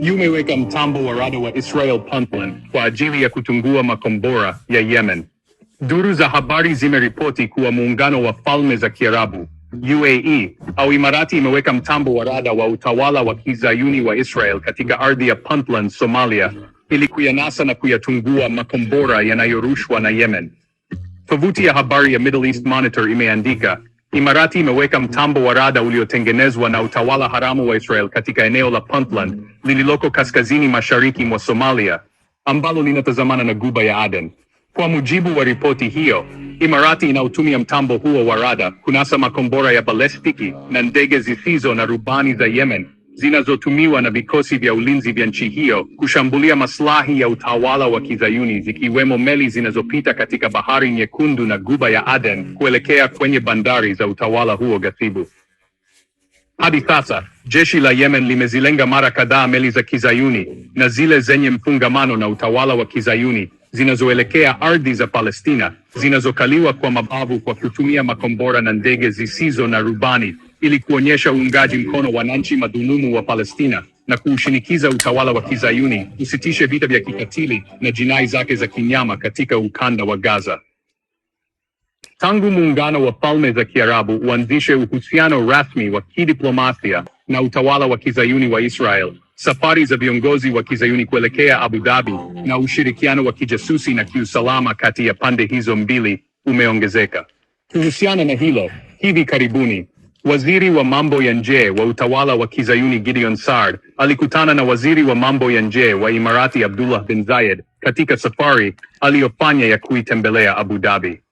Umeweka mtambo wa rada wa Israel Puntland kwa ajili ya kutungua makombora ya Yemen. Duru za habari zimeripoti kuwa muungano wa falme za Kiarabu UAE au Imarati imeweka mtambo wa rada wa utawala wa Kizayuni wa Israel katika ardhi ya Puntland, Somalia ili kuyanasa na kuyatungua makombora yanayorushwa na Yemen. Tovuti ya habari ya Middle East Monitor imeandika Imarati imeweka mtambo wa rada uliotengenezwa na utawala haramu wa Israel katika eneo la Puntland lililoko kaskazini mashariki mwa Somalia ambalo linatazamana na Guba ya Aden. Kwa mujibu wa ripoti hiyo, Imarati inautumia mtambo huo wa rada kunasa makombora ya balestiki na ndege zisizo na rubani za Yemen zinazotumiwa na vikosi vya ulinzi vya nchi hiyo kushambulia maslahi ya utawala wa Kizayuni, zikiwemo meli zinazopita katika Bahari Nyekundu na Guba ya Aden kuelekea kwenye bandari za utawala huo ghasibu. Hadi sasa jeshi la Yemen limezilenga mara kadhaa meli za Kizayuni na zile zenye mfungamano na utawala wa Kizayuni zinazoelekea ardhi za Palestina zinazokaliwa kwa mabavu kwa kutumia makombora na ndege zisizo na rubani ili kuonyesha uungaji mkono wananchi madhulumu wa Palestina na kuushinikiza utawala wa kizayuni usitishe vita vya kikatili na jinai zake za kinyama katika ukanda wa Gaza. Tangu muungano wa falme za Kiarabu uanzishe uhusiano rasmi wa kidiplomasia na utawala wa kizayuni wa Israel, safari za viongozi wa kizayuni kuelekea Abu Dhabi na ushirikiano wa kijasusi na kiusalama kati ya pande hizo mbili umeongezeka. Kuhusiana na hilo, hivi karibuni Waziri wa mambo ya nje wa utawala wa Kizayuni Gideon Saar alikutana na waziri wa mambo ya nje wa Imarati Abdullah bin Zayed katika safari aliyofanya ya kuitembelea Abu Dhabi.